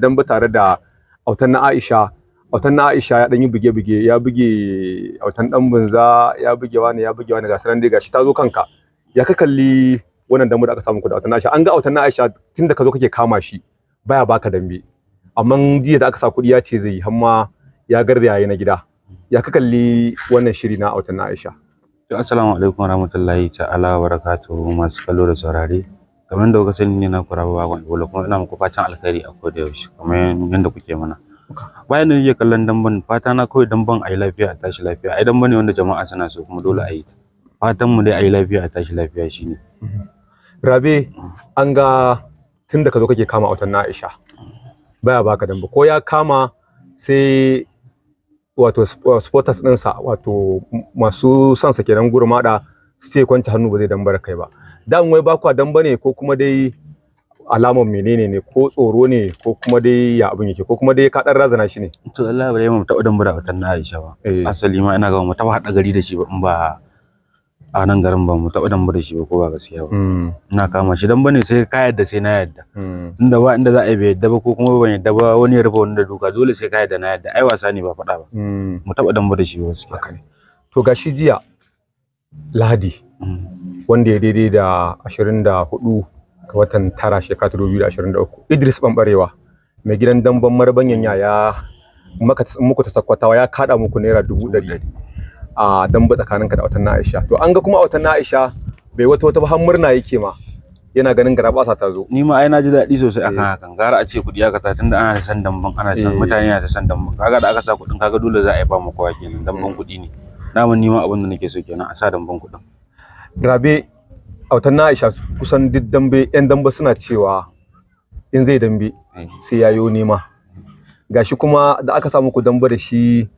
dan ba tare da autan na Aisha autan na Aisha ya dan yi buge-buge ya buge autan dan bunza ya buge wani ya buge wani ga sanan dai gashi ta zo kanka ya ka kalli wannan dambu da aka samu ku da autan Aisha an ga autan na Aisha tunda ka zo kake kama shi baya baka dambe amma jiya da aka sa kuɗi ya ce zai yi hamma ya garzaya yayi na gida ya ka kalli wannan shiri na autan na Aisha assalamu alaikum warahmatullahi ta'ala barakatuhu masu kallo da saurare kamar yadda kuka sani ne na kura ba bakon ibola kuma ina muku fatan alkhairi a koda yaushe kamar yadda kuke mana bayan da nake kallon damban fata na kawai damban ayi lafiya a tashi lafiya ai damban ne wanda jama'a suna so kuma dole ayi. fatan mu dai ayi lafiya a tashi lafiya shine rabe an ga tun da ka zo kake kama autan na Aisha baya baka damba ko ya kama sai wato supporters ɗinsa wato masu sansa kenan gurmada su ce kwanta hannu ba zai dambar kai ba dan wai ba kwa dan bane ko kuma dai alamar menene ne ko tsoro ne ko kuma dai ya abin yake ko kuma dai ka dan razana shi ne to Allah bare mu ta udan bura watan na Aisha ba eh. asali ma ina ga mu ta hada gari da shi ba in ba a nan garin ba mu taɓa dan da shi ba ko ba gaskiya ba hmm. ina kama shi dan bane sai ka yadda sai na yadda hmm. inda ba inda za a yi bai yadda ba ko kuma ban yadda ba wani ya rufe wani da duka dole sai ka yadda na yadda ai wasa ne ba faɗa ba hmm. mu taɓa dan bura shi ba gaskiya to gashi jiya lahadi wanda ya daidai da 24 ga watan tara shekara 2023 Idris Bambarewa mai gidan damban marbanyan yaya muku ta sakwatawa ya kada muku naira dubu ɗari a damba ka da watan Aisha to an ga kuma a watan Aisha bai wata wata har murna yake ma yana ganin gara garabasa ta zo ni ma ai na ji daɗi sosai akan eh. hakan gara a ce kuɗi aka ta tunda ana da san damban ana san eh. mutane na da san damban kaga da aka sa kuɗin kaga dole za a yi ba mu kowa kenan damban eh. kuɗi ne namun ni ma abin da nake so kenan a sa damban kuɗin Rabe, a watan na Aisha kusan duk dambe yan dambe suna cewa in zai dambe sai yayo nema. Gashi kuma da aka samu ku dambe da shi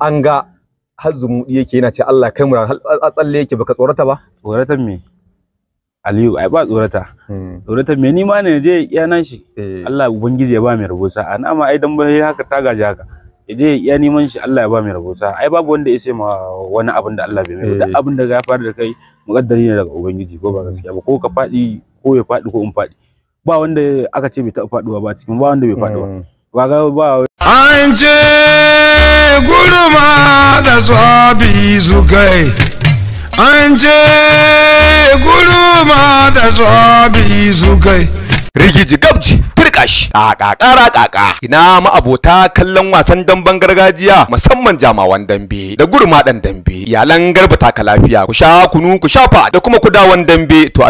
an ga har zumuɗi yake yana ce Allah kai mu a tsalle yake baka tsorata ba? tsorata me? Aliyu ai ba tsorata. Hmm. Tsorata me ni ma ne je yana shi. Eh. Allah ubangiji ya ba mai rubusa ana ma ai dambe haka ta gaji haka. yaje ya neman shi Allah ya ba mai rabo sa ai babu wanda ya sema wani abin da Allah bai mai duk eh. abin da ya faru da kai muƙaddari ne daga ubangiji ko ba gaskiya ba ko ka faɗi ko ya faɗi ko in faɗi ba wanda aka ce bai taɓa faɗuwa ba cikin ba wanda bai faɗi ba hmm. ga ba an ce gurma da zabi zugai an je gurma da zabi zugai rigiji gabji kash kakakara kaka ina ma'abota kallon wasan damben gargajiya musamman jamawan dambe da gurmaɗan dambe iyalan garba taka lafiya ku sha kunu ku sha fa da kuma kudawan dambe to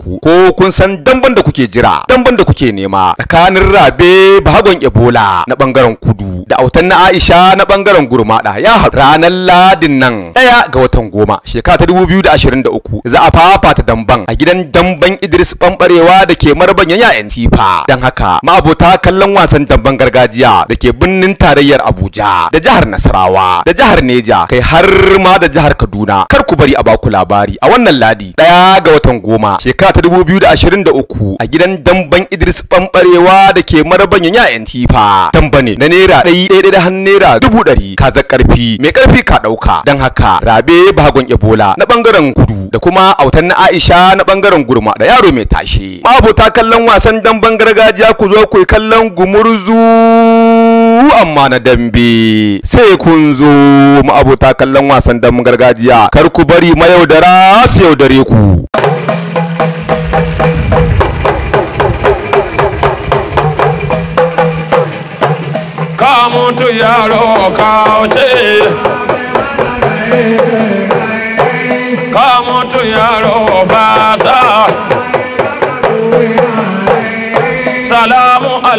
ku. ko kun san damben da kuke jira damben da kuke nema tsakanin rabe bahagon ebola na bangaren kudu da autan na aisha na bangaren gurmada ya haɗu ranar ladin nan ɗaya ga watan goma shekara ta dubu biyu da ashirin da uku za a fafata damben a gidan damben idris ɓamɓarewa da ke marbanyan ya'yan tifa don haka ma'abota kallon wasan damben gargajiya da ke birnin tarayyar Abuja da jihar Nasarawa da jihar Neja kai har ma da jihar Kaduna kar ku bari a baku labari a wannan ladi ɗaya ga watan goma shekara ta da 2023 a gidan damban Idris Bambarewa da ke maraban yayan tifa dambane na naira ɗai ɗaya da har naira dubu ɗari kazar ƙarfi mai ƙarfi ka ɗauka Dan haka rabe bagon ebola na ɓangaren kudu da kuma autan na Aisha na ɓangaren gurma da yaro mai tashe ma'abota kallon wasan damben gargajiya ku zo ku yi kallon gumurzu amma na dambe sai kun zo mu abota kallon wasan dam gargajiya kar ku bari ma yaudara su yaudare ku ka mutu yaro ka ce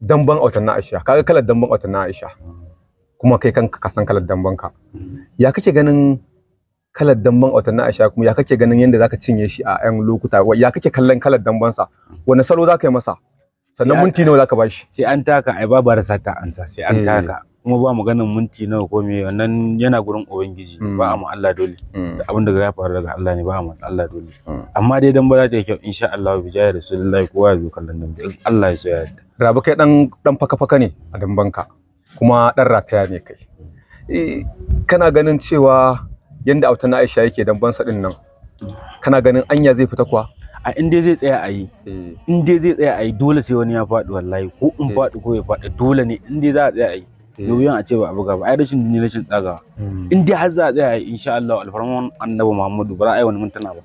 damban autan na Aisha kaga kalar damban autan na Aisha kuma kai kanka ka san kalar damban ka ya kake ganin kalar damban autan na Aisha kuma ya kake ganin yadda zaka cinye shi a 'yan lokuta ya kake kallon kalar damban sa wani salo zaka yi masa sannan minti nawa zaka bashi sai an taka ai ba rasa ta ansa sai an eh, taka kuma ba mu ganin minti nawa ko me wannan yana gurin ubangiji hmm. ba mu Allah dole hmm. da abin da ya faru daga Allah ne ba mu Allah dole hmm. amma dai dan ba za ta yi kyau insha Allah bi jahi rasulullahi kowa ya zo kallon nan Allah ya so ya yarda rabu kai dan dan faka-faka ne a dambanka kuma dan rataya ne kai eh, kana ganin cewa yanda autan Aisha yake dambansa din nan kana ganin anya zai fita kuwa a in dai zai tsaya a yi hmm. in dai zai tsaya a yi dole sai wani ya faɗi wallahi ko in hmm. faɗi ko ya faɗi dole ne in dai za a tsaya a yi hmm. yoyon a ce ba a buga ba ai rashin jini rashin tsaga in dai har za a tsaya a yi insha Allah alfarman annabi Muhammadu ba za a yi wani mintuna ba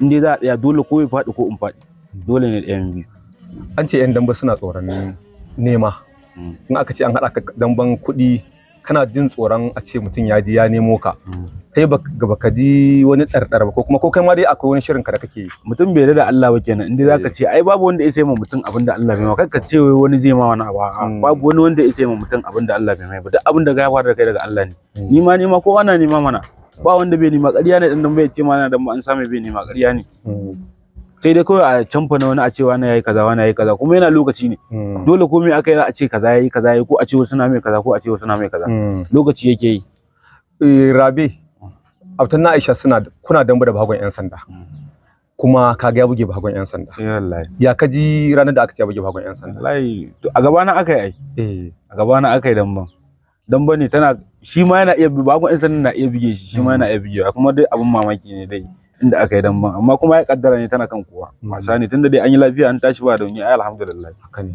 in dai za a tsaya dole ko ya faɗi ko in faɗi dole ne ɗayan biyu an ce 'yan damba suna tsoron nema in aka ce an haɗa damban kuɗi kana jin tsoron a ce mutum ya ji ya nemo ka kai baka ji wani ɗarɗar ba ko kuma ko kai ma dai akwai wani shirin ka da kake yi mutum bai da Allah ba kenan inda zaka eh. ce ai babu wanda ya sai ma mutum abin da Allah bai mai ka ce wai wani zai ma wani abu hmm. babu wani wanda ya sai ma mutum abin da Allah bai mai ba duk abin da ga fara da kai daga Allah ne hmm. ni ma ni ma kowa na ma mana ba wanda bai nima ƙarya ne dan bai ce ma na dan an same bai nima ƙarya ne hmm. sai dai kawai a canfa na wani a ce wani yayi kaza wani yayi kaza kuma yana lokaci ne hmm. dole komai aka yi a ce kaza yayi kaza yayi ko a ce wasu na mai kaza ko a ce wasu na mai kaza hmm. lokaci yake yi eh, rabi abtan na aisha suna kuna dambe da bahagon yan sanda hmm. kuma ka ga ya buge bahagon yan sanda eh, ya ka ji ranar da aka ce ya buge bahagon yan sanda wallahi a gaba na aka yi ai eh. a gaba na aka yi damban Damban ne tana shi ma yana iya bagon yan sanda na iya buge shi shi ma yana iya bige kuma dai abun mamaki ne dai inda aka yi ban amma kuma ya kaddara ne tana kan kowa mm. wasa ne tunda dai an yi lafiya an tashi ba da wani ai alhamdulillah haka ne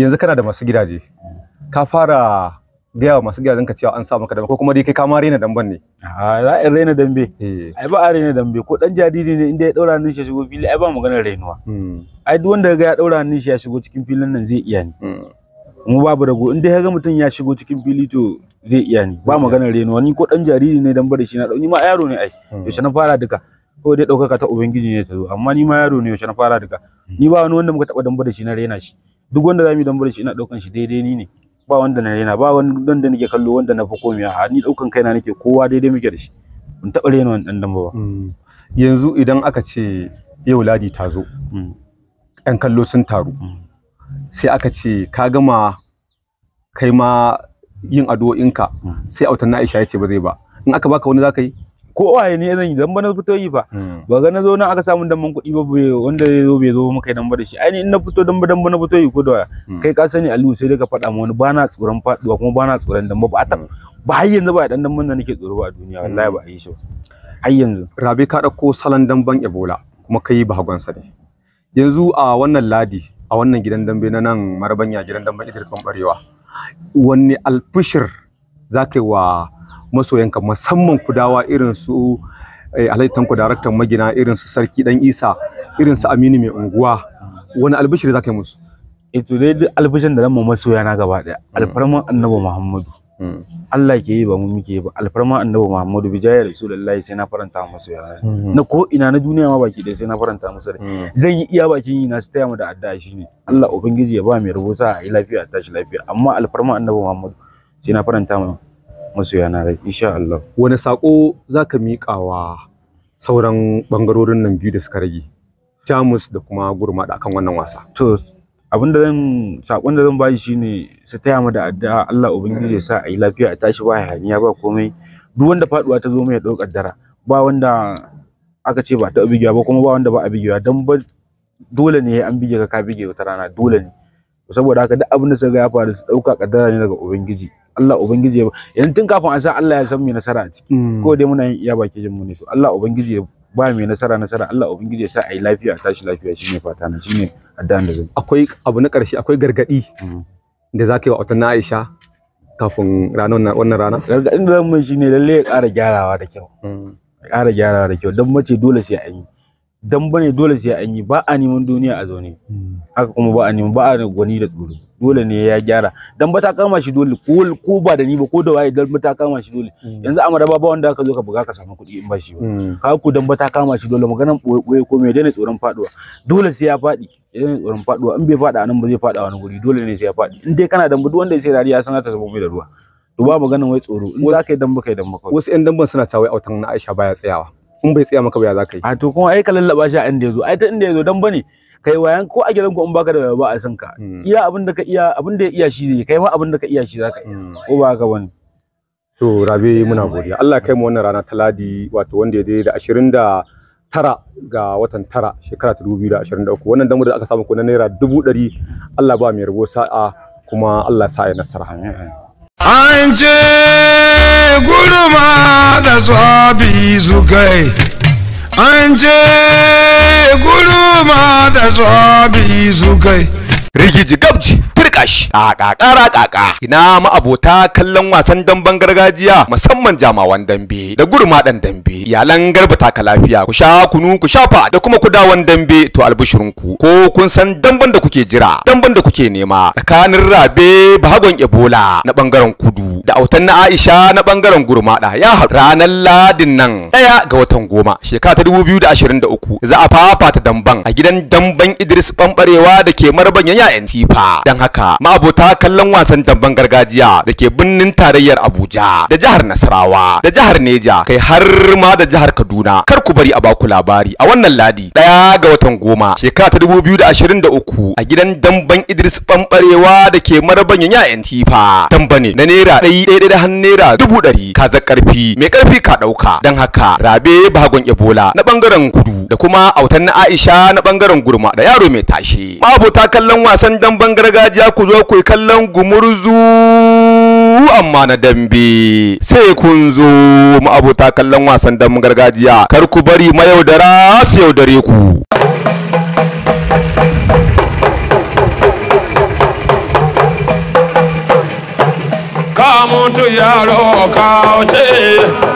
yanzu kana da masu gidaje mm. ka fara gaya wa masu gidajen ka cewa an sa maka dambe ko kuma dai kai ka ma rena damben ne a za a rena dambe eh. ai ba a rena dambe ko dan jariri ne inda ya daura hannun shi ya shigo fili ai ba maganar renuwa mm. ai duk wanda ga ya daura hannun shi ya shigo cikin filin nan zai iya ni mu babu rago in dai ga mutum ya shigo cikin fili to zai iya ni ba maganar renuwa ni ko dan jariri ne dan da shi na dau ma yaro ne ai yaushe na fara duka ko dai daukaka ta ubangiji ne ta zo amma ni ma yaro ne yaushe na fara daga ni ba wani wanda muka taɓa dambar shi na raina shi duk wanda za mu yi shi ina ɗaukan shi daidai ni ne ba wanda na raina ba wani wanda nake kallo wanda na fi komiya har ni ɗaukan kaina nake kowa daidai muke da shi Mun taɓa raina wani dan damba ba. Mm. yanzu idan aka ce yau ladi ta zo yan mm. kallo sun taru mm. sai aka ce ka gama kai ma yin addu'o'inka sai autan na aisha ya ce ba zai ba in aka baka wani za ka yi ko waye ne zan yi dan na fito yi fa hmm. ba ga na zo nan aka samu damban kuɗi ba wanda zai zo bai zo muka dan da shi ai in na fito dan dan na fito yi ko da hmm. kai ka sani Aliyu sai dai ka faɗa ma wani bana tsoron faɗuwa kuma bana tsoron dan ba ta ba har yanzu ba dan dan da nake tsoro ba a duniya wallahi ba a yi shi ba har yanzu Rabi ka ɗauko salon damban Ebola kuma kai ba sa ne yanzu a wannan ladi a wannan gidan dambe na nan marabanya gidan damben Idris barewa. wanne alfishir za ka yi wa masoyanka musamman kudawa irin su eh, Alhaji Tanko daraktan magina irin su Sarki Dan Isa irin su Aminu mai unguwa wani albishiri za ka yi musu eh to dai duk albishin da mu masoya na gaba daya hmm. alfarman Annabi Muhammadu hmm. Allah ke yi ba mu muke ba alfarman Annabi Muhammadu bi jayar Rasulullahi sai na faranta musu ya hmm. na ko ina na duniya ma baki dai sai na faranta musu zan yi iya bakin yi na su taya mu da addu'a shine Allah ubangiji ya ba mai rubusa a lafiya tashi lafiya amma alfarman Annabi Muhammadu sai na faranta mu masoya na insha Allah wani sako zaka mika wa sauran bangarorin nan biyu da suka rage Jamus da kuma Gurma da akan wannan wasa to abinda zan sakon da zan bayi shine su taya mu da addu'a Allah ubangiji ya sa a yi lafiya a tashi ba hayaniya ba komai duk wanda faduwa ta zo mai ya daukar dara ba wanda aka ce ba ta bigewa ba kuma ba wanda ba a bigewa dan dole ne an bige ka ka bige wata rana dole ne saboda haka duk abin da suka ga ya faru su dauka kaddara ne daga ubangiji Allah ubangiji yanzu tun kafin a san Allah ya san mai nasara a ciki hmm. ko dai muna yin iya baki jin muni ne to Allah ubangiji ya ba mai nasara nasara Allah ubangiji ya sa ai lafiya a tashi lafiya shine fata na shine addan da zan akwai abu na karshe akwai gargadi hmm. da zaka yi wa autan Aisha kafin ranar wannan rana gargadin da zan mai shine lalle ya ƙara gyarawa da kyau hmm. ya ƙara gyarawa da kyau Dan mace dole sai an yi dan bane dole sai an yi ba a neman duniya a zaune hmm. haka kuma ba a neman ba a gwani da tsoro dole ne ya gyara dan ba ta kama shi dole ko ko ba da ni ba ko da waye dan ba ta kama shi dole hmm. yanzu a maraba ba wanda aka zo ka buga ka samu kuɗi in ba shi ba hmm. ka ku dan ba ta kama shi dole maganan boye ko me dane tsoron faduwa dole sai ya faɗi idan tsoron faduwa in bai fada nan ba zai fada wani guri dole ne sai ya faɗi in dai kana dan duk wanda ya sai rariya sana ta sabo mai da ruwa to ba maganan wai tsoro in za ka yi dan ba kai dan ba wasu ƴan damban suna ta wai autan na Aisha baya tsayawa in bai tsaya maka ba za ka yi a to kuma ai ka lallaba shi a inda yazo ai ta inda yazo dan bane kai wayan ko a gidan ku in baka da ba a san ka hmm. iya abin da ka iya abin da ya iya shi zai kai ma abin da ka iya shi zaka yi. Hmm. ko ba ka bane to rabe muna godiya Allah kai mu wannan rana ta ladi wato wanda ya da 20 da tara ga watan tara shekara ta dubu biyu da ashirin da uku wannan damu da aka samu ko na naira dubu ɗari Allah ba mai rabo sa'a kuma Allah sa ya nasara. an ce gurma da tsabi zukai an ce gurma da tsabi zukai rigiji gabji haƙa shi ƙaƙa ƙaƙa ina abota kallon wasan damben gargajiya musamman jamawan dambe da gurmaɗan dambe iyalan garba taka lafiya ku sha kunu ku shafa da kuma kudawan dambe to ku. ko kun san damben da kuke jira damben da kuke nema tsakanin rabe bahagon ebola na bangaren kudu da autan na aisha na bangaren gurmada ya haɗu ranar ladin nan ɗaya ga watan goma shekara ta dubu biyu da ashirin da uku za a fafata damben a gidan damben idris ɓamɓarewa da ke marban yaya yan tifa don haka ma'abota kallon wasan damben gargajiya da ke birnin tarayyar Abuja da jihar Nasarawa da jihar Neja kai har ma da jihar Kaduna kar ku bari a baku labari a wannan ladi ɗaya ga watan goma shekara ta dubu biyu da ashirin da uku a gidan damban Idris Ɓamɓarewa da ke maraban yanya yan tifa damba ne na naira ɗai ɗai da har naira dubu ɗari kazar ƙarfi mai ƙarfi ka ɗauka Dan haka rabe bagon Ebola na ɓangaren kudu da kuma autan na Aisha na ɓangaren gurma da yaro mai tashe ma'abota kallon wasan damben gargajiya ku zo ku yi kallon gumurzu amma na dambe sai kun zo mu abota kallon wasan dam gargajiya kar ku bari yaudara su yaudare ku ka mutu yaro ka ce.